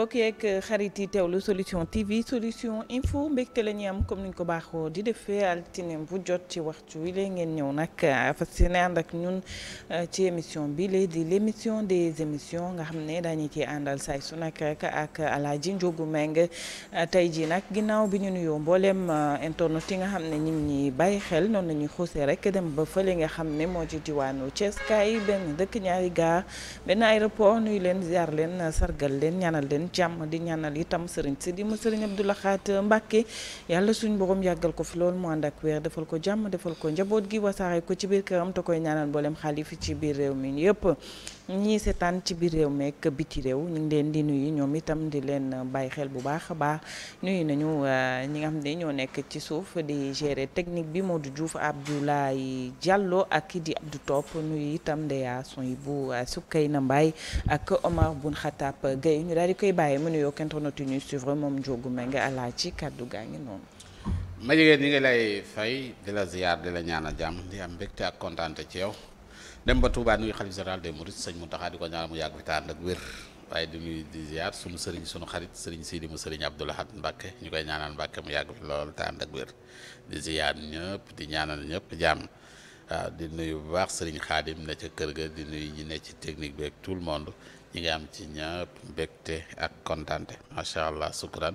mbokk yeeg xarit yi teew lu solution TV solution info mbekk la ñuy am comme niñ ko baaxoo di defee altine bu jot ci wax waxtu wi lee ngeen ñëw nag fas yéene ànd ak ñun euh, ci émission bi lee di l' émission des émissions nga xam ne daañu ciy àndal saay su nag ak Alaaji Njogu Meng euh, tey jii nag ginnaaw bi ñu nuyoo mbooleem euh, internet yi nga xam ne ñu ngi ñuy bàyyi xel noonu la ñuy xuusee rek dem ba fële nga xam ne moo ci diwaanu Thiès kaay benn dëkk ñaari gaar benn aéroport leen ziar leen sargal leen ñaanal leen. jàmm di ñaanal itam sëriñ Sidi ma sëriñ Abdou Lahat mbàkke yàlla suñ borom yàggal ko fi loolu moo ndak ak defal ko jàmm defal ko njaboot gi wasaare ko ci biir këram te koy ñaanal mboolem xalifi ci biir réew mi yëpp ñii seetaan ci biir réew meek biti réew ñu ngi leen di nuyu ñoom itam di leen bàyyi xel bu baax a baax nuyu nañu euh, ñi nga xam ne ñoo nekk ci suuf di gérer technique bi moo ab Diouf Abdoulaye jàlloo ak ki di du topp nuyu itam ndeya son yi bu na Mbaye ak Omar Boun Khattab Gueye ñu daal di koy bàyyi mu nuyoo kentonot yi ñuy suivre moom Ndiogou Mbengue alaa ci kàddu gaa ngi noonu ma jigéen ñi ngi lay fay di la ziyaar di la ñaanal jàmm di am mbégte ak kontaante ci yow dem ba Touba nuyu xalif général des Mourides sëñ Mountakha di ko ñaanal mu yàgg fi tànn ak wér waaye di nuyu di ziar sunu sëriñ sunu xarit sëriñ Sidi mu sëriñ Abdou Lahad Mbacke ñu koy ñaanal Mbacke mu yàgg fi lool tànn ak wér di ziar ñëpp di ñaanal ñëpp jàmm waaw di nuy bu baax sëriñ Xaadim ne ca kër ga di nuy ñi ne ci technique bi ak tout le monde ñi nga am ci ñëpp mbégte ak kontante macha allah sukran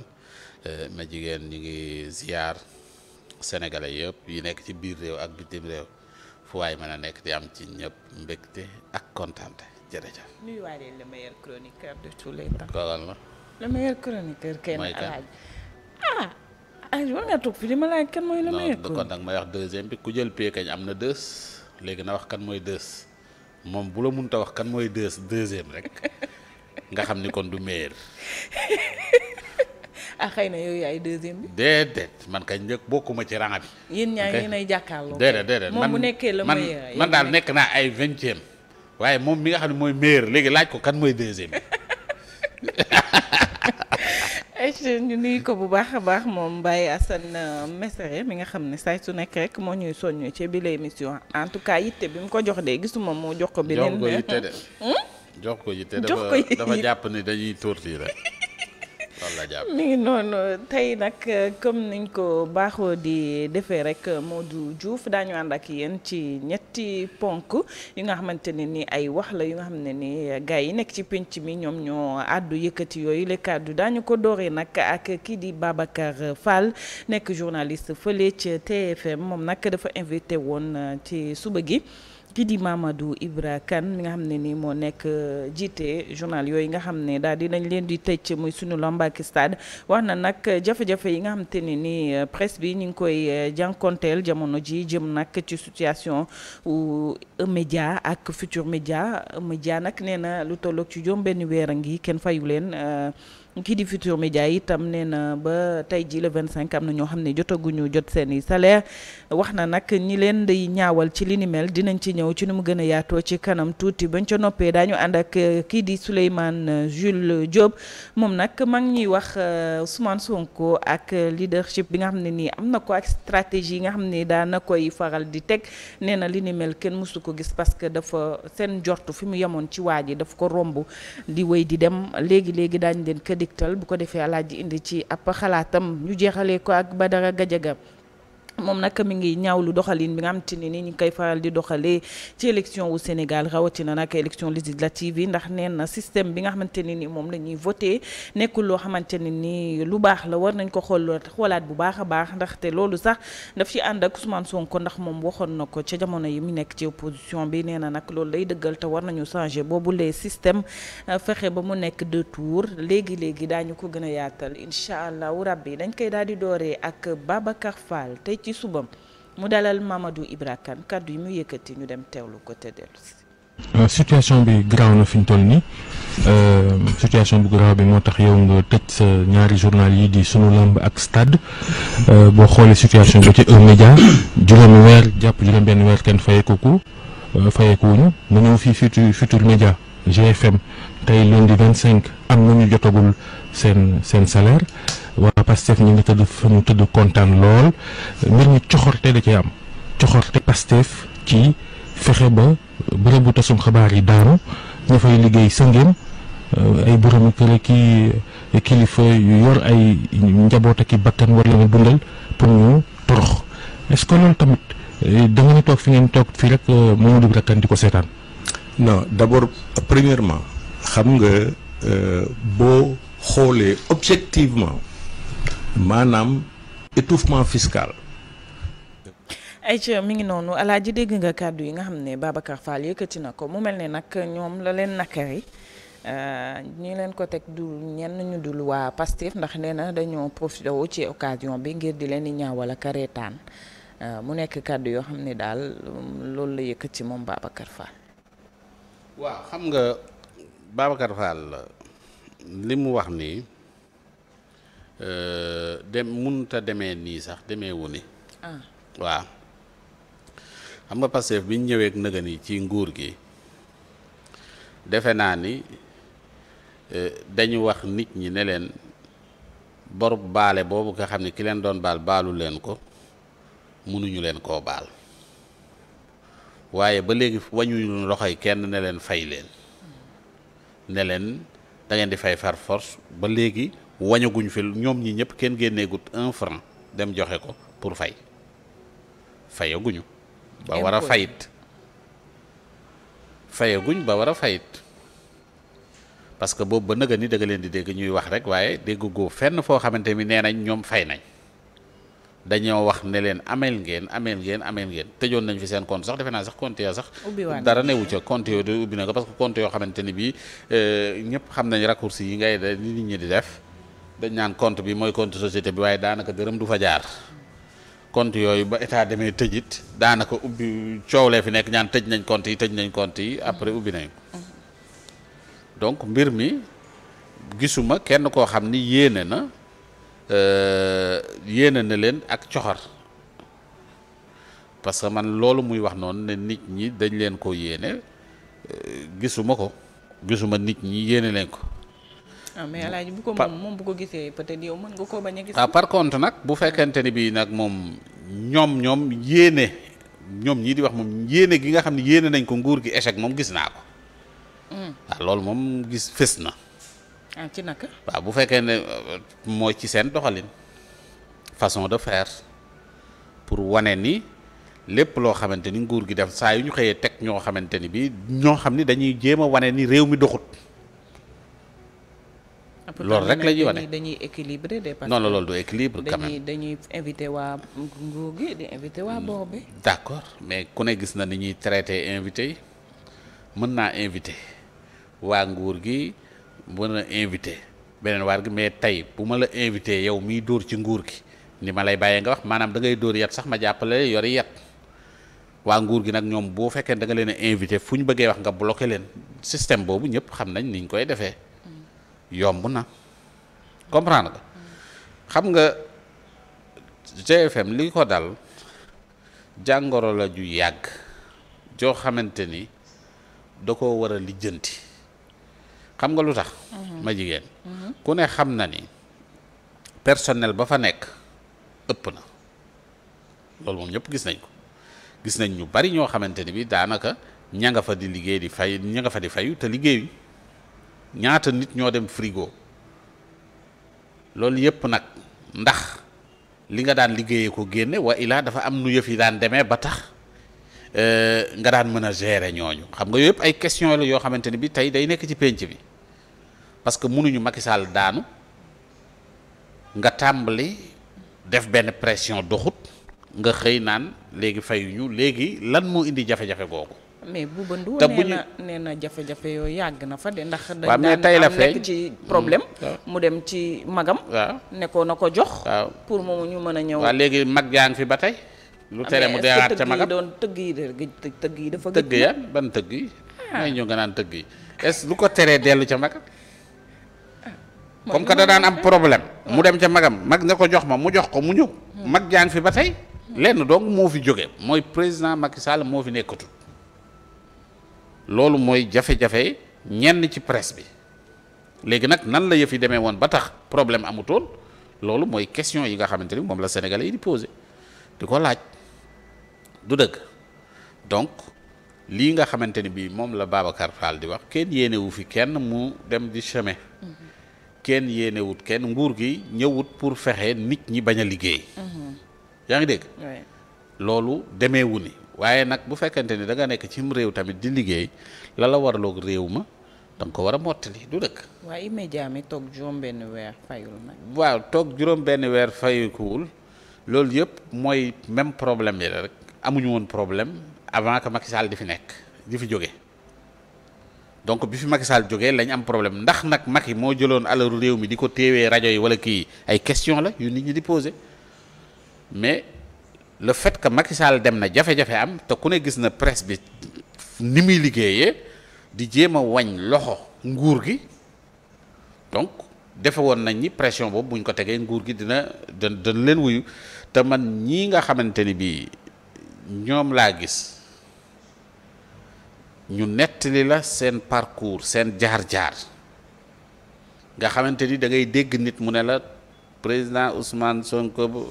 eh, ma jigéen ñu ngi ziar sénégalais yëpp yi nekk ci biir réew ak bitim fu waay mën a nekk di am ci ñëpp mbégte ak kontaante jërëjëf. nuyuwaay leen le meilleur chroniqueur de tous les temps. kooku la. kenn Alaaji ah. ay war ngaa toog fi di ma laaj kan mooy le meilleur. non kon nag may wax deuxième bi ku jël pee am na deux léegi na wax kan mooy deux moom bu la mënut wax kan mooy deux deuxième rek nga xam ni kon du meilleur. ah xëy na yooyu ay deuxième bi. déedéet man kay njëkk bokkuma ci rang bi. yéen ñaa ngi jàkkaarloo. déedéet moom mu nekkee la man man daal nekk naa ay vingtième. waaye moom mi nga xam ne mooy meilleur léegi laaj ko kan mooy deuxième bi. Eh, ko bu baax a baax moom Mbaye Assane euh, Mesere mi nga xam ne saa su nekk rek moo ñuy soññu ci bi la émission en tout cas yitte bi mu ko jox de gisuma moo jox ko beneen jox ko hmm? yitte jox ko yitte dafa jàpp ni dañuy tóorti mi ngi noonu tey nag comme nañ ko baaxoo di defee rek du Diouf daañu ànd ak yéen ci ñetti ponk yi nga xamante ne ni ay wax la yu nga xam ne ni gars yi nekk ci pénc mi ñoom ñoo àddu yëkkati yooyu le kàddu daañu ko dooree nag ak kii di Babacar Fall nekk journaliste fële ci TFM moom nag dafa invité woon ci suba gi. kii di Mamadou Ibra kan mi nga xam ne ni moo nekk euh, jiite journal yooyu nga xam ne daal dinañ leen di tëj muy suñu Lambac stade wax na nag jafe-jafe yi nga xam te ne nii euh, presse bi ñu ngi koy euh, jànkonteel jamono ji jëm nag ci situation u média ak futur média média nag nee na lu tolloog ci juróom benn weer a ngi kenn fayu leen kii di Futurs Médias itam nee na ba tey jii le 25 am na ñoo xam ne jotaguñu jot seen i salaire wax na nag ñi leen di ñaawal ci li ni dinañ ci ñëw ci nu mu gën a yaatoo ci kanam tuuti bañ ca noppee daañu ànd ak euh, kii di Souleymane euh, Jules Diop moom nag maa ñuy wax euh, Ousmane Sonko ak leadership bi nga xam ne nii am na ko ak stratégie yi nga xam ne daana koy faral di teg nee na li ni kenn mësu ko gis parce que dafa seen jortu fi mu yemoon ci waa ji daf ko romb di diktal bu ko defee alaaji indi ci ab xalaatam ñu jeexalee ko ak ba Badara Gajaga moom nag mi ngi ñaawlu doxalin bi nga xam te ne ni ñu ngi koy faral di doxalee ci élection wu Sénégal rawatina nag élection législative yi ndax nee na système bi nga xamante ne ni moom la ñuy voté nekkul loo xamante ne ni lu baax la war nañ ko xool xoolaat bu baax a baax ndaxte loolu sax daf ci ànd ak Ousmane Sonko ndax moom waxoon na ko ca jamono yi mu nekk ci opposition bi nee na nag loolu lay dëggal te war nañu changé boobu les système euh, fexe ba mu nekk deux tours léegi léegi daañu ko gën a yaatal incha allahu rabbi dañ koy daal di dooree ak Babacar Fall tey ci subam mu dalal Mamadou Ibra Kane kàddu yi mu yëkkati ñu dem teewlu ko te euh, situation bi garaaw na fi ñu toll nii euh, situation bu garaaw bi moo tax yow nga tëj sa ñaari journal yi di sunu lamb ak stade euh, boo xoolee situation bi ci E-Média juróomi weer jàpp juróom-benn weer kenn fayeeku ko fayeeku wuñu mu ñëw fii Futurs Médias GFM tey lundi 25 am na ñu jotagul. seen seen salaire waa Pastef ñu ngi tëdd fa ñu tëdd kontaan lool mbir mi coxorte da cee am coxorte Pastef ci fexe ba bërëbu tasum xabaar yi daanu ña fay liggéey sëngéem euh, ay boroomi kër ki kilifa yu yor ay njaboot ak i bakkan war leen dundal pour ñu torox est-ce loolu tamit euh, da ñu toog fi ngeen toog fii rek euh, Mamadou Ibra Kane di ko seetaan. non d'abord premièrement xam nga boo. xoolee objectivement maanaam étouffement ay ayca mi ngi noonu alaaji dégg nga kàddu yi nga xam ne Babacar Fall yëkkati na ko mu mel ne nag ñoom la leen nakari euh, ñi leen ko teg du ñenn ñu dul waa Pastef ndax nee na dañoo profité wu ci occasion bi ngir di leen di ñaawal ak reetaan euh, mu nekk kàddu yoo xam ne daal um, loolu la ci moom Babacar Fall. xam nga Babacar Fall. li mu wax nii euh, dem munta deme nii sax demee wu ni ah. waaw xam nga Pastef bi ñu ñëwee ak nëga ci nguur gi defe naa ni euh, dañu wax nit ñi ne leen borub baale boobu nga xam ne ki leen doon baal baalu leen ko munuñu leen koo baal waaye ba léegi wañuñu loxoy kenn ne leen fay leen ne leen da di fay far force ba léegi wañaguñ fi ñoom ñi ñëpp kenn génneegut un franc dem joxe ko pour fay fayaguñu ba war a fayit fayaguñ ba war a fayit parce que boobu ba nëga ni da leen di dégg ñuy wax rek waaye dégg goo fenn foo xamante ni nee nañ ñoom fay nañ dañoo wax ne leen ameel ngeen ameel ngeen ameel ngeen tëjoon nañ fi seen compte sax defe naa sax compte ya sax dara newu ca compte yoo de ubbi na ko parce que compte euh, ñëpp xam nañ raccourci yi ngay da nit di def dañ naan compte bi mooy compte société bi waaye daanaka dërëm du fa jaar yooyu ba état demee tëjit daanaka ubbi coow lee fi nekk ñaan tëj nañ compte yi tëj nañ compte yi après ubbi nañ mm-hmm. donc mbir mi gisuma kenn koo xam ni yéene na Euh, yéene na leen ak coxar parce que man loolu muy wax noonu ne nit ñi dañ leen ko yéene euh, gisuma ko gisuma nit ñi yéene leen ko. ah mais alaaji bu ko moom moom bu ko gisee peut-être yow mën nga koo bañ a gis. ah par contre nag bu fekkente ni bii nag moom ñoom ñoom yéene ñoom ñii di wax moom yéene gi nga xam ne yéene nañ ko nguur gi échec moom gis naa ko. Hmm. ah loolu moom gis fës na. ah ci naka. waaw bu fekkee ne euh, mooy ci seen doxalin façon de faire pour wane ni lépp loo xamante ni nguur gi def saa yu ñu xëyee teg ñoo xamante ni bi ñoo xam ni dañuy jéem a wane ni réew mi doxut. Ah, loolu rek la ñuy wane dañuy équilibré des non non loolu du équilibre quand même dañuy invité waa nguur invité waa hmm, boor d' accord mais ku ne gis na ni ñuy traité invité yi mën naa invité waa nguur gi. mën a invité beneen waar gi mais tey bu ma la invité yow miy dóor ci nguur gi ni ma lay bàyyee nga wax maanaam dangay ngay dóor yat sax ma jàppale yori yat waa nguur gi nag ñoom boo fekkee danga leen a invité fu ñu bëggee wax nga bloqué leen système boobu ñëpp xam nañ niñ koy defee yomb na comprendre nga xam nga GFM li ko dal jàngoro la ju yàgg joo xamante ni da ko war a lijjanti xam nga lu tax. Mhm. ma jigéen. Mhm. ku ne xam na ni personnel ba fa nekk ëpp na loolu moom ñëpp gis nañ ko gis nañ ñu bari ñoo xamante ni bi daanaka ña nga fa di liggéey di fay ña nga fa di fayu te liggéeyu ñaata nit ñoo dem frigo loolu yëpp nag ndax li nga daan liggéeyee ko génne wa ilaa dafa am nu yi daan demee ba tax. Euh, nga daan mën a gérer ñooñu xam nga yooyu yëpp ay question la yoo xamante ni bi tey day nekk ci pénc bi parce que mënuñu Macky Sall daanu nga tàmbali def benn pression doxut nga xëy naan léegi fayuñu léegi lan moo indi jafe-jafe googu. mais bu ba Ndour nee na nee na jafe-jafe yooyu yàgg na fa de ndax. dañ daan am nekk ci problème. Mm, mu dem ci magam. waaw nekkoon na ko jox. pour moom ñu mën a ñëw. waaw léegi mag yaa ngi fi ba tey. lu tere mu deewaat ca magam doon tëgg yi de tëgg yi dafa. tëgg ya ban tëgg yi. Ah. mooy ñëw nga naan tëgg yi est-ce lu ko teree dellu ca magam. Ah. comme que daan am problème. Ah. mu dem ca magam mag ne ko jox ma mu jox ko mu ñëw. Hmm. mag jaan fi ba tey. Hmm. lenn donc moo fi jóge mooy président Macky Sall moo fi nekkatul. loolu mooy jafe ñenn ci presse bi léegi nag nan la yëf demee woon ba tax problème amutoon loolu mooy question yi nga xamante ni moom la Sénégalais yi di posé di ko laaj. du dëkk donc lii nga xamante ni bii moom la Babacar Fall di wax kenn yéenewu fi kenn mu dem di chemin kenn yéenewut kenn nguur gi ñëwut pour fexe nit ñi bañ a liggéey yaa ngi dégg loolu demeewu ni waaye nag bu fekkante ni danga nekk cim réew tamit di liggéey la la waraloog réew ma da ko war a mottali du dëkk waaye immédiat mi toog juróom benn weer fayul nag waaw toog juróom benn weer fayukuwul loolu yëpp mooy même problème yi la rek amuñu woon problème avant que Macky di fi nekk di fi jóge donc bi fi Macky Sall jógee lañ am problème ndax nag Macky moo jëloon alalu réew mi di ko téewee rajo yi wala kii ay question la yu nit ñi di posé mais le fait que Macky dem na jafe-jafe am te ku ne gis na presse bi ni muy liggéeyee di jéem a wañ loxo nguur gi donc defe woon nañ ñi pression boobu buñ ko tegee nguur gi dina dina leen wuyu te man ñii nga xamante ni bii. ñoom laa gis ñu nettali la seen parcours seen jaar-jaar nga xamante ni dangay dégg nit mu ne la président Ousmane Sonko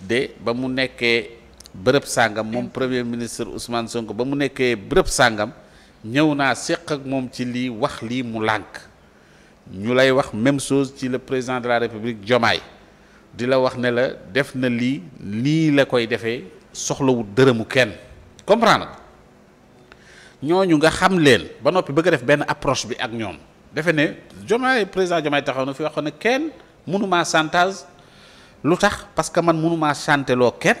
de ba mu nekkee bërëb sàngam moom premier ministre Ousmane Sonko ba mu nekkee bërëb sàngam ñëw naa séq ak moom ci lii wax lii mu lànk ñu lay wax même chose ci la président de la République jomaay di la wax ne la def na lii nii la koy defee soxlawul dërëmu kenn comprendre ñooñu nga xam leen ba noppi bëgg a def benn approche bi ak ñoom defe ne Diomaye président Diomaye taxaw na fi na ne kenn mënumaa santage lu tax parce que man mënumaa chanté loo kenn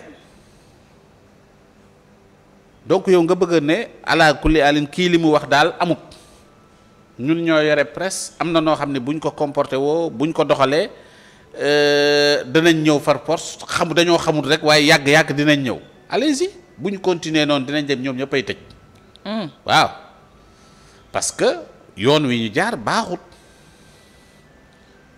donc yow nga bëgg ne ala kulli alin kii li mu wax daal amut ñun ñoo yore presse am na noo xam ne buñ ko comporté woo buñ ko doxalee Euh, danañ ñëw far force xam dañoo xamul rek waaye yàgg-yàgg dinañ ñëw allez-y bu continuer noonu dinañ dem ñoom ñëppay tëj hmm. waaw parce que yoon wi ñu jaar baaxut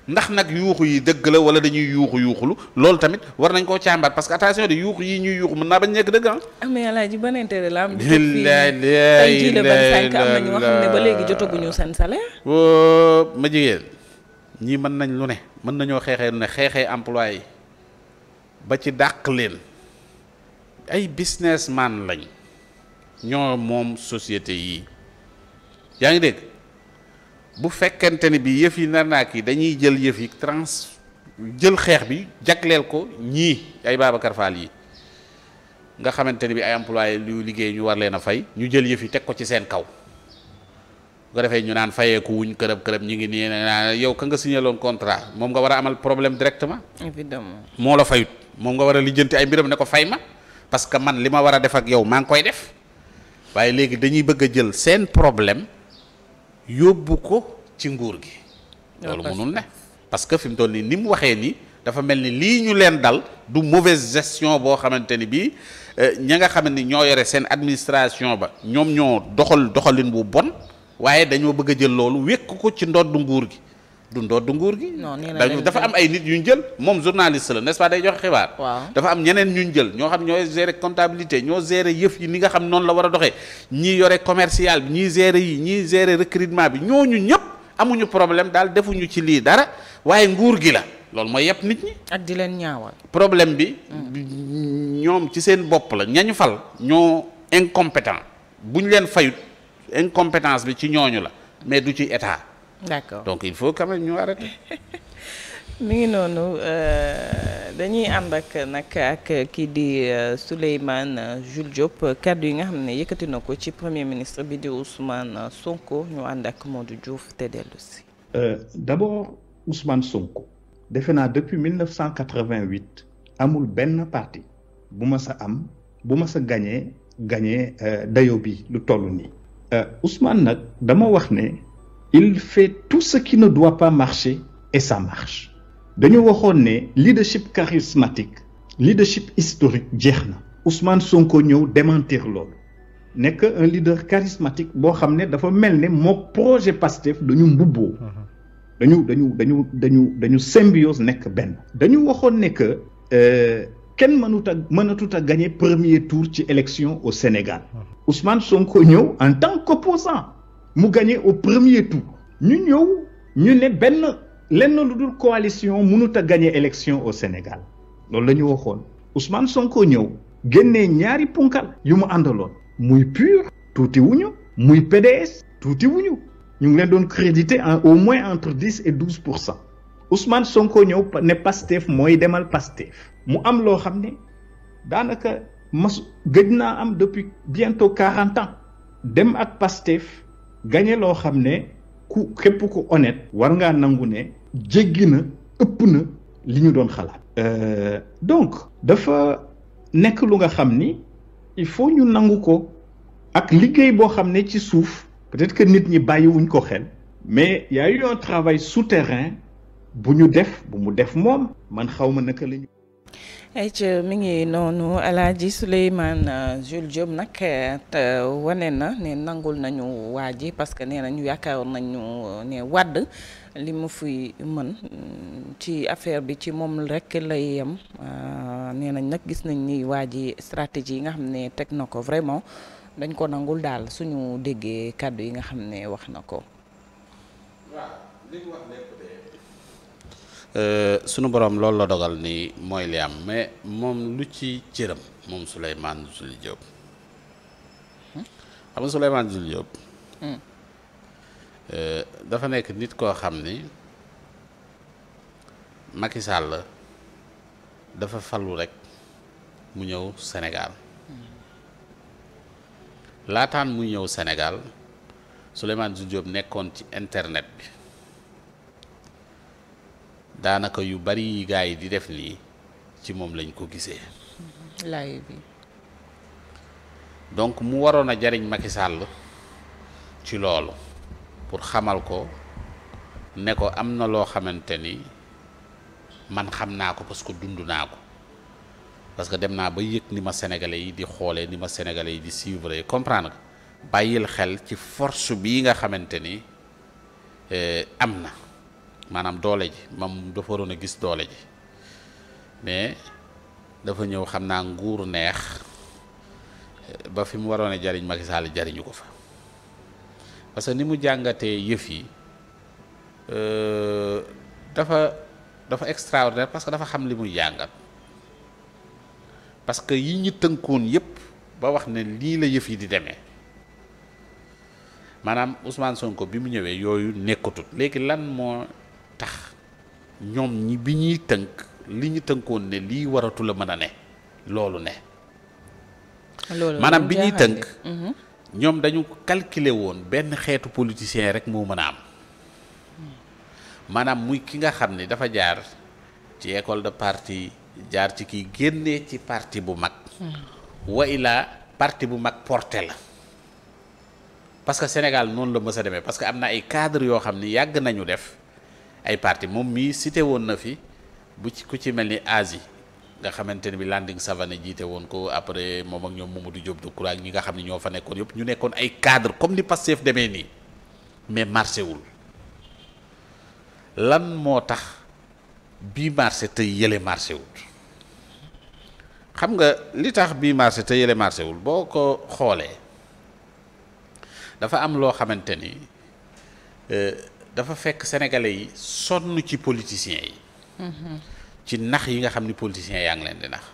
ndax nag yuuxu yi dëgg la wala dañuy yuuxu yuuxulu loolu tamit war nañ koo càmbar parce que attention de yuuxu yi ñuy yuuxu mën naa bañ nekk dëgg ah. ah mais El Hadj ban intérêt la am. billaay tey jii le 25 am na ñu wax ne ba léegi jotaguñu seen salaire. ma jigéen. ñii mën nañ lu ne mën nañoo xeexee lu ne xeexee employé yi ba ci dàq leen ay man lañ ñoo moom société yii yaa ngi dégg bu fekkente ni bi yëf yi nar naa kii dañuy jël yëf yi trans jël xeex bi jagleel ko ñii ay Babacar Fall yi nga xamante ni bi ay employé lu liggéey ñu war leen a fay ñu jël yëf yi teg ko ci seen kaw ko defee ñu naan fayeeku wuñ kërëb kërëb ñu ngi nii naan yow ka nga signé loon contrat moom nga war a amal problème directement. évidemment moo la fayut moom nga war a lijjanti ay mbiram ne ko fay ma parce que man li ma war a def ak yow maa ngi koy def waaye léegi dañuy bëgg a jël seen problème yóbbu ko ci nguur gi. loolu mënul ne parce que fi mu toll nii ni mu waxee nii dafa mel ni lii ñu leen dal du mauvaise gestion boo xamante ni bii euh, ña nga xam ni ñoo yore seen administration ba ñoom waaye dañoo bëgg a jël loolu wékk ko ci ndoddu nguur gi du ndoddu nguur gi. dañu dafa am ay nit yu ñu jël moom journaliste la n'est-ce pas day joxe xibaar. dafa am ñeneen ñu ñu jël ñoo xam ñooy gérer comptabilité ñoo gérer yëf yi ni nga xam noonu la war a doxee ñii yore commercial bi ñii gérer yi ñii gérer recrutement bi ñooñu ñëpp amuñu problème daal defuñu ci lii dara waaye nguur gi la loolu mooy yëpp nit ñi. ak di leen ñaawal. problème bi. Mm. ñoom ci seen bopp la ñañu fal ñoo incompétent buñ leen fayut incompétence bi ci ñooñu la mais du ci état. d'accord donc il faut quand même ñu arrêter. mi ngi noonu euh, dañuy ànd ak nag ak kii di euh, Souleymane Jules Diop kaddu yi nga xam ne yëkkati na ko ci premier ministre bi di Ousmane Sonko ñu ànd ak moo du Diouf te dellu si. Euh, d'abord Ousmane Sonko defe naa depuis 1988 amul benn parti bu ma sa am bu ma sa gañee gañee dayo bi lu toll nii. Euh, Ousmane nag dama wax ne il fait tout ce qui ne doit pas marcher et ça marche dañu waxoon ne leadership charismatique leadership historique jeex na Ousmane Sonko ñëw démentir loolu nekk un leader charismatique boo xam ne dafa mel ne moo projet Pastef dañu mbubboo mhm. dañu dañu dañu dañu dañu symbiose nekk benn dañu waxoon ne que euh, kenn mënut a mënatut a gagner premier tour ci élection au Sénégal mhm. Ousmane Sonko ñëw en tant qu'opposant mu gagné au premier tour ñu ñëw ñu ne benn lenn lu dul coalition mënut a gagné élection au Sénégal loolu la ñu waxoon Ousmane Sonko ñëw génnee ñaari punkal yu mu àndaloon muy PUR tuuti wu wuñu muy PDS tuuti wuñu ñu ngi leen doon crédité en au moins entre dix et douze pour cent Ousmane Sonko ñëw ne Pastef mooy demal Pastef mu am loo xam ne daanaka. mas gëj naa am depuis bientôt quarante ans dem ak Pastef gañe loo xam ne ku képp ku honnête war ngaa nangu ne jéggi na ëpp na li ñu doon xalaat euh, donc dafa nekk lu nga xam ni il faut ñu nangu ko ak liggéey boo xam ne ci suuf peut-être que nit ñi bàyyiwuñ ko xel mais y a eu un travail souterrain bu ñu def bu mu def moom man xaw ma naka la ayca mi ngi noonu El Hadji Souleymane euh, Jules Diop nag euh, wane na ne nangul nañu waa ji parce que nee nañu yaakaaroon nañu euh, ne wàdd li mu fuy mën mm, ci affaire bi ci moom rek lay yem nee nañ nag gis nañ ni waa ji stratégie yi nga xam ne teg na ko vraiment dañ ko nangul daal suñu déggee kàddu yi nga xam ne wax na ko. Euh, sunu borom loolu la dogal ni mooy li am mais moom lu ci cëram moom Souleymane Jules Diop xam nga Souleymane Jules Diop hmm. euh, dafa nekk nit koo xam ni Macky la dafa falu rek mu ñëw Sénégal laataan mu ñëw Sénégal Souleymane Jules Diop nekkoon ci internet bi daanaka yu bari yi gars yi di def nii ci moom lañ ko gisee. laay donc mu waroon a jariñ Macky Sall ci loolu pour xamal ko ne ko am na loo xamante ni man xam naa ko parce que dund naa ko parce que dem naa ba yëg ni ma sénégalais yi di xoolee ni ma sénégalais yi di suivre comprendre bàyyil xel ci force bii nga xamante ni eh, am na. maanaam doole ji moom dafa waroon a gis doole ji mais dafa ñëw xam naa nguur neex ba fi mu waroon a jariñ Macky Sall jariñu ko fa parce que ni mu jàngatee yëf yi euh, dafa dafa extraordinaire parce que dafa xam li muy jàngat parce que yi ñu tënkoon yépp ba wax ne lii la yëf yi di demee maanaam Ousmane Sonko bi mu ñëwee yooyu nekkatut léegi lan moo tax ñoom ñi bi ñuy tënk li ñu tënkoon ne lii waratu la mën a ne loolu ne maanaam bi ñuy tënk mhm. ñoom dañu calculer woon benn xeetu politicien rek moo mën a am maanaam muy ki nga xam ni dafa jaar ci école de parti jaar ci kii génnee ci partie bu mag wa ilaa parti bu mag mhm. porte la parce que Sénégal noonu la mës a demee parce que am na ay cadre yoo xam ni yàgg nañu def ay partie moom mii cité woon na fi bu ci ku ci mel ni Asie nga xamante ne bi Landing Savané jiite woon ko après moom ak ñoom Mamadou Diop Decroix ñi nga xam ne ñoo fa nekkoon yëpp ñu nekkoon ay cadre comme ni Pastef demee nii mais marché wul lan moo tax bii marché te yële marché wul xam nga li tax bii marché te yële marché wul boo ko xoolee dafa am loo xamante ni. Euh, dafa fekk sénégalais yi sonn ci politiciens yi. ci nax yi nga xam ni politiciens yaa ngi leen di nax.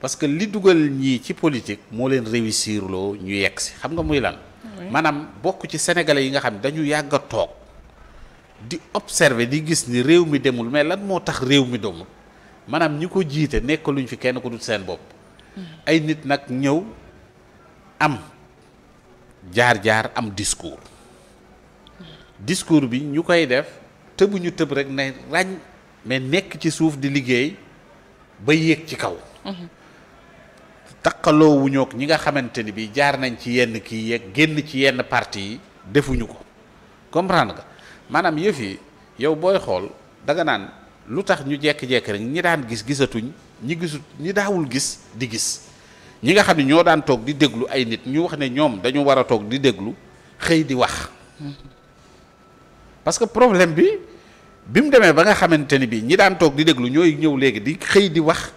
parce que li dugal ñii ci politique moo leen réussir loo ñu yekk si xam nga muy lan. maanaam bokk ci sénégalais yi nga xam ne dañu yàgg a toog di observer di gis ni réew mi demul mais lan moo tax réew mi demul maanaam ñi ko jiite nekkaluñ fi kenn ku dul seen bopp. Mm. ay nit nag ñëw am jaar-jaar am discours. discours bi ñu koy def tëbu ñu tëb rek ne ràññ mais nekk ci suuf di liggéey ba yéeg ci kaw taqaloo ñi nga xamante ni bii jaar nañ ci yenn kii yéeg génn ci yenn parti yi defuñu ko comprendre nga maanaam yëf yi yow booy xool danga naan lu tax ñu jekki-jekki rek ñi daan gis gisatuñ ñi gisut ñi daawul gis di gis ñi nga xam ne ñoo daan toog di déglu ay nit ñu wax ne ñoom dañu war a toog di déglu xëy di wax parce que problème bi bi mu demee ba nga xamante ni bii ñi daan toog di déglu ñooy ñëw léegi di xëy di wax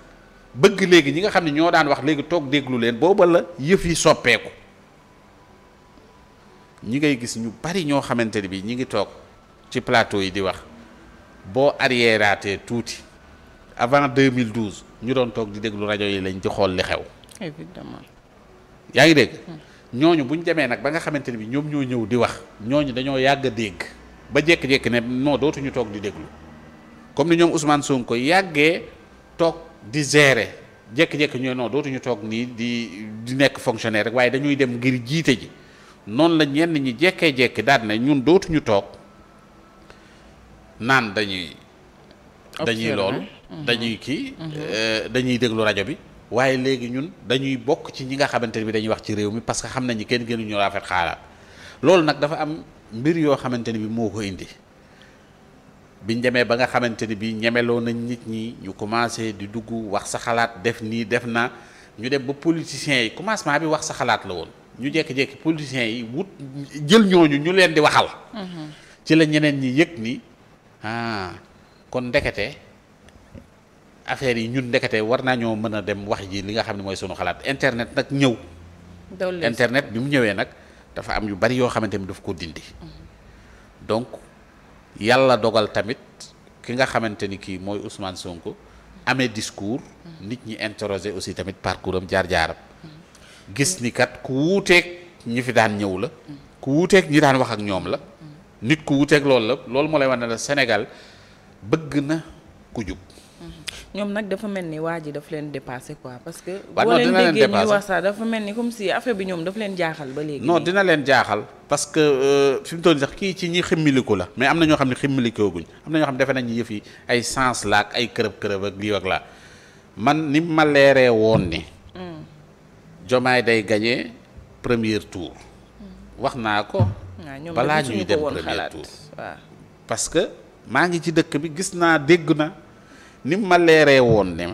bëgg léegi ñi nga xam ne ñoo daan wax léegi toog déglu leen booba la yëf yi soppeeku ñi ngay gis ñu bari ñoo xamante ni bii ñi ngi toog ci plateau yi di wax boo arriéraatee tuuti avant 2012 ñu doon toog di déglu rajo yi lañ ci xool li xew. yaa ngi dégg. Hmm. ñooñu bu ñu demee nag ba nga xamante ni bii ñoom ñoo ñëw di wax ñooñu dañoo yàgg a dégg. ba jékki-jékki ne non dootuñu toog di déglu comme ni ñoom Ousmane Sonko yàggee toog di gérer jékki-jékki ñooy dootuñu toog nii di di nekk fonctionnaire rek waaye dañuy dem ngir jiite ji noonu la ñenn ñi jékkee-jékki daal ne ñun dootuñu toog naan dañuy dañuy loolu mhm. dañuy kii mhm. euh, dañuy déglu rajo bi waaye léegi ñun dañuy bokk ci ñi nga xamante ne bi dañuy wax ci réew mi parce que xam nañu kenn gënuñu rafet xaalaat loolu nag dafa am mbir yoo xamante ni bi moo ko indi biñ demee ba nga xamante ni bi ñemeloo nañ nit ñi ñu commencé di dugg wax sa xalaat def nii def na ñu dem ba politiciens yi commencement bi wax sa xalaat la woon ñu jékki-jékki politiciens yi wut jël ñooñu ñu leen di waxal mm-hmm. ci la ñeneen ñi yëg ni ah, kon ndekete affaire yi ñun ndekete war nañoo mën a dem wax ji li nga xam ne mooy sunu xalaat internet nag ñëw internet bi mu ñëwee nag dafa am yu bari yoo xamante ni daf ko dindi donc yàlla dogal tamit ki nga xamante ni kii mooy Ousmane Sonko amee discours nit ñi interroger aussi tamit parcours am jaar-jaaram gis ni kat ku wuuteeg ñi fi daan ñëw la ku wuuteeg ñi daan wax ak ñoom la nit ku wuuteeg loolu la loolu moo lay wane ne la Sénégal bëgg na ku jub ñoom nag dafa mel ni waa ji daf leen dépassé quoi parce que. waaw non boo leen déggee ñuy wax sax dafa mel ni comme si affaire bi ñoom daf leen jaaxal ba léegi. non dina leen jaaxal parce que euh, fi mu toll sax kii ci ñi ximmiliku la mais am na ñoo ne ximmilikooguñ am na ñoo xam ne defe nañu ay sens la ay kërëb kërëb ak lii laa man ni ma leeree woon ni. Mm. Jomaay day gagné premier tour. Mm. wax naa ko. balaa ñuy dem premier tour parce que maa ngi ci dëkk bi gis naa dégg na. ni ma leeree woon ne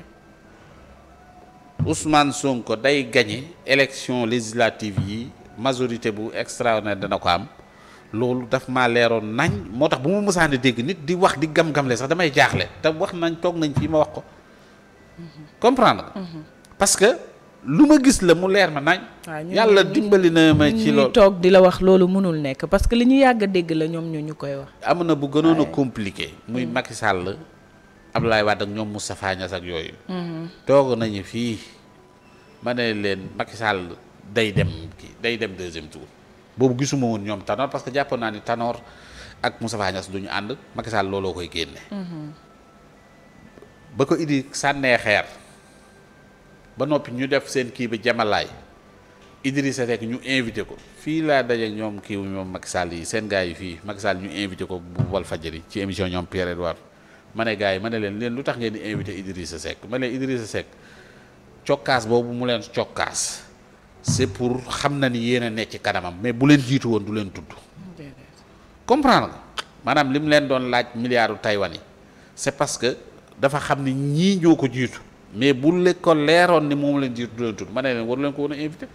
Ousmane Sonko day gañe élection législative yi majorité bu extraordinaire dana ko am loolu dafa maa leeroon nañ moo tax bu ma mësaan dégg nit di wax di gam-gamle sax damay jaaxle te wax nañ toog nañ fii ma wax ko comprendre mhm. parce que lu ma gis la mu leer ma nañ yàlla dimbali na ma ci loolu toog di la wax loolu mënul nekk parce que li ñu yàgg dégg la ñoom ñoo ñu koy wax am na bu gënoon a muy mm. Macky Sall Abdoulaye Wade ak ñoom Moustapha Niass ak yooyu. Mhm. toog fii ma ne leen Macky Sall day day dem deuxième tour boobu gisuma woon ñoom Tanor que jàpp naa ni Tanor ak Moustapha Niass du ñu mhm. ba ko Idi sànnee xeer ba noppi ñu def seen kii bi jamalaay Idrissa Seck ñu invité ko fii laa daje ñoom kii ñoom Macky yi seen gars yi fii Macky ñu invité ko bu Walfadjri ci émission ñoom Pierre Edouard ma ne gars yi ma ne leen leen lu tax ngeen di invité Idrissa Seck ma ne Idrissa Seck cokkaas boobu mu leen cokkaas c'est pour xam na ni yéen a nekk ci kanamam mais bu leen jiitu woon du leen tudd. comprendre nga maanaam li mu leen doon laaj milliardu Taïwan yi c'est parce que dafa xam ni ñii ñoo ko jiitu mais bu le ko leeroon ni moom leen jiit du leen tudd ma ne leen waru leen ko woon a invité.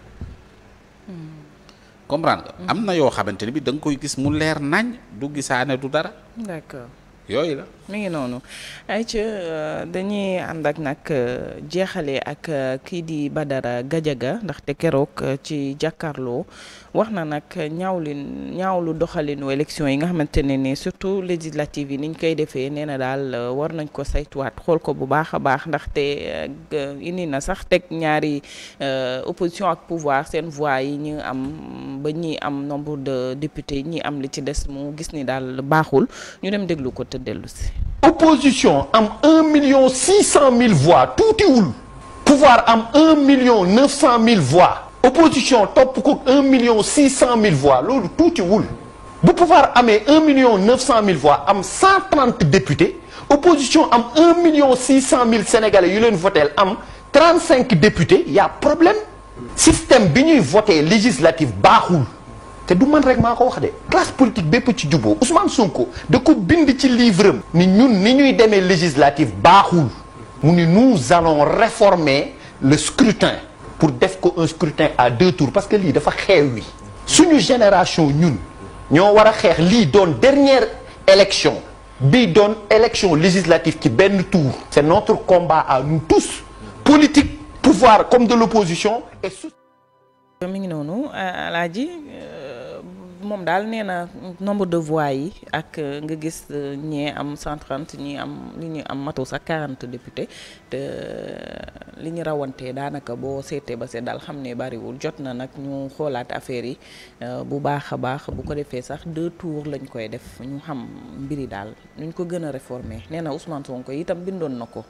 comprendre nga. Hmm. am na yoo xamante ni bi da nga koy gis mu leer nañ du gisaane du dara. yooyu la mi ngi noonu ayca euh, dañuy ànd ak nag euh, jeexale ak euh, kii di Badara Gajaga ndaxte keroog ci jàkkaarloo wax na nag ñaawli ñaawlu doxalinu élection yi nga xamante ne ni surtout législative yi ni ñu koy defee nee na daal war nañ ko saytuwaat xool ko bu baax a baax ndaxte indi na sax teg ñaari opposition ak pouvoir seen voix yi ñu am ba ñi am nombre de yi ñi am li ci des mu gis ni daal baaxul ñu dem déglu ko te dellu si. opposition am un million six cent mille voix tuutiwul pouvoir am un million neuf cent mille voix opposition topp ko million six cent mille voix loolu tuutiwul bu pouvoir amee un million neuf cent mille voix am cent trente députés opposition am un million six cent mille sénégalais yu leen voteel am trente cinq députés y a problème système bi ñuy voté législatif baaxul te du man rek maa ko wax de classe politique bépp ci juboo Ousmane Sonko da ko bind ci livre am ni ñun ni ñuy demee législative baaxul mu ni nous allons réformer le scrutin pour def ko un scrutin à deux tours parce que lii dafa xeew wi suñu génération ñun ñoo war a xeex lii doon dernière élection bii doon élection législative ci benn tour c'est notre combat à nous tous politique pouvoir comme de l'opposition et mi ngi noonu Alaaji moom daal nee na nombre de voix yi ak euh, nga gis euh, ñee am 130 ñii am euh, li ñu am matu ak 40 députés te li ñu rawantee daanaka boo seetee ba seet daal xam ne bariwul jot na nag ñu xoolaate affaire yi bu baax a baax bu ko defee sax deux tours lañ koy def ñu xam mbiri daal ñu ko gën a réformer nee na Ousmane Sonko itam bindoon na ko.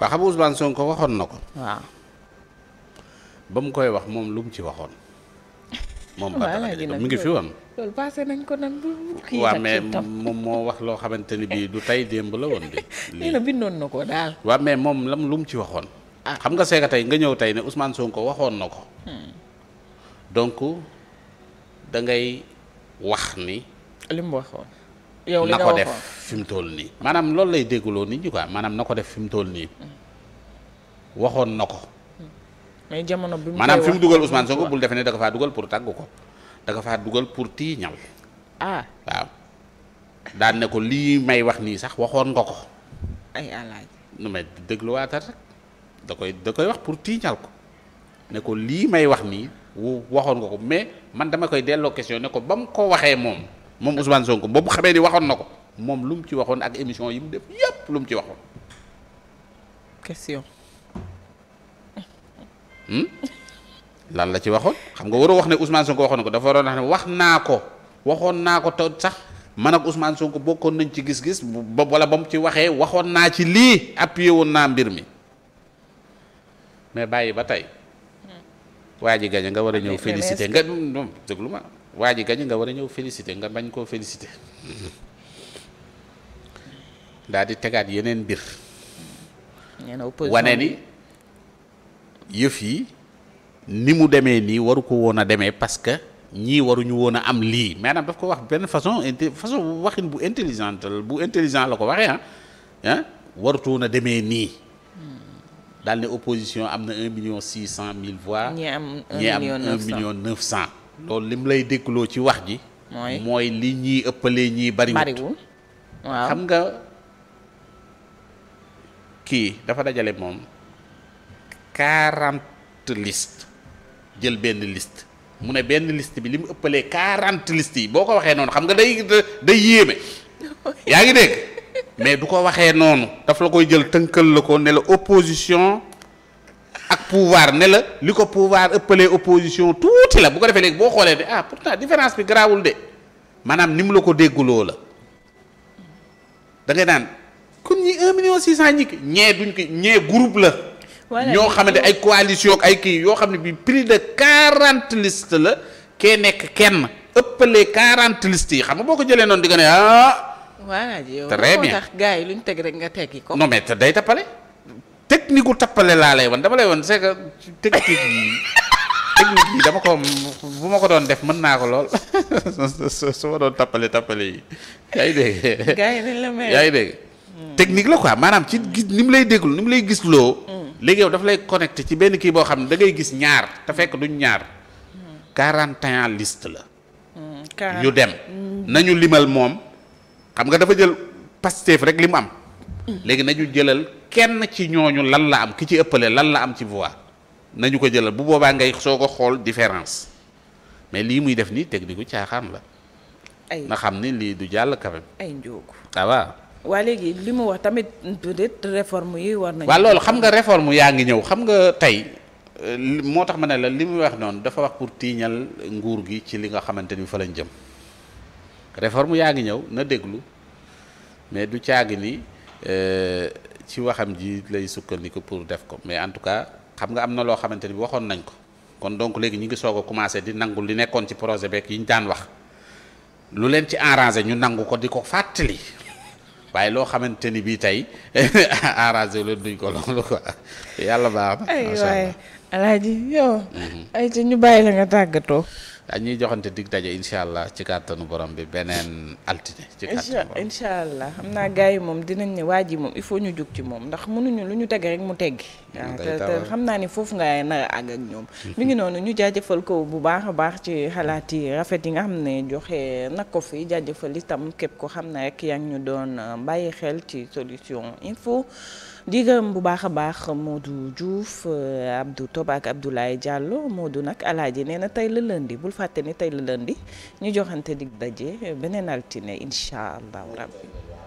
waaw xam nga Ousmane waxoon na ko. waaw ba mu koy wax moom lu mu ci waxoon. moom Badara mu ngi fi woon. loolu passé nañ ko nan bu kii waaw mais moom moo wax loo xamante ni bii du tey démb la woon de. lii la bindoon na ko daal. waaw mais moom lam lu mu ci waxoon. ah xam nga seega tey nga ñëw tey ne usmaan Ousmane ko waxoon na ko. Hmm. donc da ngay wax ni. li mu waxoon. yow li nga na ko def fi mu toll nii. maanaam loolu lay dégguloo nit ñi quoi maanaam na ko def fi mu toll nii. Hmm. waxoon na ko. mais jamono bi maanaam fi mu dugal Ousmane Sonko bul defe ne da ko faa dugal pour tàgg ko da faa dugal pour tiiñal. ah waaw. daan ne ko lii may wax nii sax waxoon nga ko. ay alaaj nu may dégluwaatal da koy da koy wax pour tiiñal ko ne ko lii may wax nii waxoon nga ko mais man dama koy delloo question ne ko ba mu ko waxee moom moom Ousmane Sonko ba mu xamee ni waxoon na ko moom lu mu ci waxoon ak émission yi mu def yépp lu mu ci waxoon. question. Hmm? lan la ci waxoon xam nga waroo wax ne Ousmane Sonko waxoon ko dafa waroon wax wax naa ko waxoon naa ko te sax man ak Ousmane Sonko bokkoon nañ ci gis-gis ba wala ba mu ci waxee waxoon naa ci lii appuyé woon naa mbir mi mais bàyyi ba tey hmm. waa ji gañe nga war a ñëw félicité nga déglu ma waa ji nga war a ñëw félicité nga bañ koo félicité hmm. daal di tegaat yeneen mbir wane ni yëf yi ni mu demee nii waru ko woon a demee parce que ñii waruñu woon a am lii maanaam daf ko wax benn façon inte façon waxin bu intelligente bu intelligent la ko waxee ah ah a demee nii hmm. daal ne opposition am na un million six cent mille voix. ñii am un million neuf cent loolu lim lay déggloo ci wax ji. mooy li ñii ëppalee ñii bariwul waaw xam nga kii dafa dajale moom. quarante listes jël benn liste mu ne benn liste bi li mu ëppalee quarante listes yi boo ko waxee noonu xam nga day day yéeme yaa ngi dégg mais du ko waxee noonu daf la koy jël tënkal la ko ne la opposition ak pouvoir ne la li ko pouvoir ëppalee opposition tuuti la bu ko defee léegi boo xoolee de ah pourtant différence bi garaawul de maanaam ni mu la ko dégguloo la da naan comme ñi un million six cent ñi ñee duñ ko ñee groupe la ñoo xamante ay coalition ak ay kii yoo xam ne bi plus de quarante liste la kee nekk kenn ëppalee quarante liste yi xam nga boo ko jëlee noonu di nga ne ah. très bien tax yi lu teg rek nga teggi ko. non day tappale technique gu tappale laa lay wan dama lay wan c'est que technique yi technique yi dama ko bu ma ko doon def mën naa ko lool su ma doon tappale tappale yi yaa dégg. gars la dégg. technique la quoi maanaam ci gis lay déglu ni lay gis loo. Mm. léegi yow daf lay connecté ci benn kii boo xam ne dangay gis ñaar te fekk duñ ñaar 41 liste la. ñu dem mm. nañu limal moom xam nga dafa jël Pastef rek li am. Mm. léegi nañu jëlal kenn ci ñooñu lan la am ki ci ëppale lan la am ci voix nañu ko jëlal bu boobaa ngay soo ko xool différence mais lii muy def nii technique gu caaxaan la. ay na xam ni lii du jàll quand même. waa léegi li mu wax tamit peut yi war nañu. waa loolu xam nga réforme yaa ngi ñëw xam nga tey euh, moo tax ma ne la li mu wax noonu dafa wax pour tiiñal nguur gi ci li nga xamante ni bi fa lañ jëm réforme yaa ngi ñëw na déglu mais du caagi ni euh, ci waxam ji lay sukkandiku pour def ko mais en tout cas xam nga am na loo xamante ni waxoon nañ ko kon donc léegi ñu ngi soog a commencé di nangu li nekkoon ci projet beeg yi ñu daan wax lu leen ci arrangé ñu nangu ko di ko fàttali. waaye loo xamante ni bii tey arrangé leen duñ ko loolu quoi yàlla baax na. alaaji yow. Mhm. ay ca ñu bàyyi la nga tàggatoo. Ah, ñuy joxante dig daje incha allah ci kàttanu borom bi beneen altine. ci kàttanu borom incha allah xam naa gars yi moom dinañ ne waa ji moom il faut ñu jug ci moom ndax mënuñu lu ñu teg rek mu teggi. waaw ah, te xam naa ni foofu nga nar a ak ñoom. mu mhm. ngi noonu ñu jaajëfal ko bu baax a baax ci xalaat yi rafet yi nga xam ne joxe nag ko fi jaajëfal itam képp ko xam ne rek yaa ngi ñu doon ah, bàyyi xel ci solution info. di gërëm bu baax a baax moo du Diouf euh, Abdou Toba ak Abdoulaye moo du nag alaaji nee na tey la lundi bul fàtte ni tey la lundi ñu joxante dig daje beneen altine incha allahu rabbi